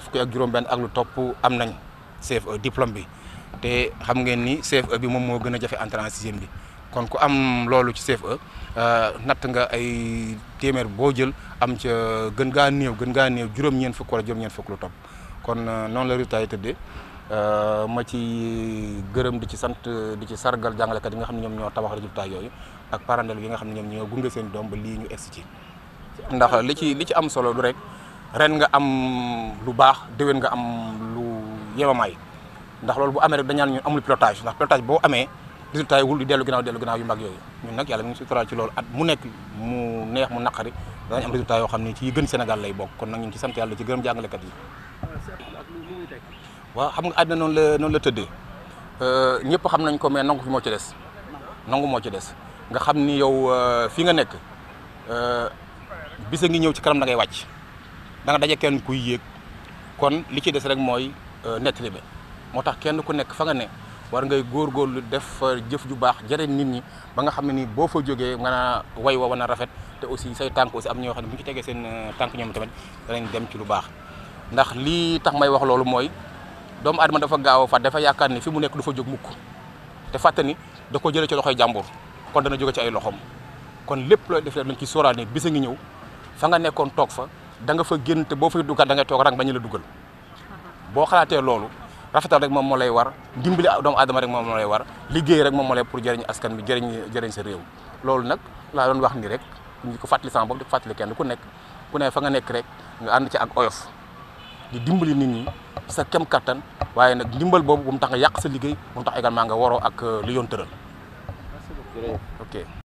fukki ak juróom-benn ak lu topp am nañ CFE diplôme bi te xam ngeen ni CFE bi moom moo gën a jafe entrée en sixième bi kon ku am loolu ci CFE euh, natt nga ay téeméer boo jël am ca gën gaa néew gën gaa néew juróom ñeen fukk wala ñeent fukk lu topp kon euh, noonu la résultat yi tëddee euh, ma ci gërëm di ci sant di ci sargal jàngalekat yi xam ne ñoom ñoo tabax résultat yooyu ak parandel yi nga xam ne ñoom ñoo gunge seen doom ba lii ñu egsi ci ndax li ci li ci am solo lu rek ren nga am lu baax déwén nga am lu yemamaay ndax loolu bu amee rek dañaan ñu amul pilotage ndax pilotage boo amee résultat yi wul di dellu ginnaaw dellu ginnaaw yu mag yooyu ñun nag yàlla mi ngi sutural ci loolu at mu nekk mu neex mu naqari danañ am résultat yoo xam ne ci yi gën Sénégal lay bokk kon nag ñu ngi ci sant yàlla ci gërëm jàngalekat yi xam nga àddina la noonu la tëddee euh, ñëpp xam nañ ko mais nangu fi moo ci des nangu moo ci des nga xam ni yow euh, fi nga nekk euh, bisa ngi ñëw ci kanam da ngay wàcc da nga daje kenn kuy yéeg kon li ci des rek mooy euh, nettali bi moo tax kenn ku nekk fa nga ne war ngay góor góorgóorlu def jëf ju baax jëriñ nit ñi ba nga xam ne nii boo fa jógee nga naa way wa wana rafet te aussi say tànk aussi am ñoo xam ne bu ñu ci seen euh, tànk ñoom tamit danañ dem ci lu baax ndax lii tax may wax loolu mooy doomu adama dafa gaaw a dafa yaakaar ni fi mu nekk du fa jóg mukk te fàttani da ko jëlee ci loxoy jàmbur kon dana jóge ci ay loxoom kon lépp looy def rek nañ ci sóoraale ni bisa ngi ñëw fa nga nekkoon toog fa da nga fa génn te boo fay duggaat da ngay toog rang bañu la dugal boo xalaatee loolu rafetal rek moom moo lay war dimbali doomu adama rek moom moo lay war liggéey rek moom moo lay pour jëriñ askan bi jëriñ jëriñ sa réew loolu nag laa doon wax ni rek ñu ko fàttali sama bopp di ko kenn ku nekk ku ne fa nga nekk rek nga ànd ci ak oyof di dimbali nit ñi sa kem kattan waaye nag ndimbal boobu bu mu tax nga yàq sa liggéey bu mu tax également nga waroo ak euh, li yoon tëral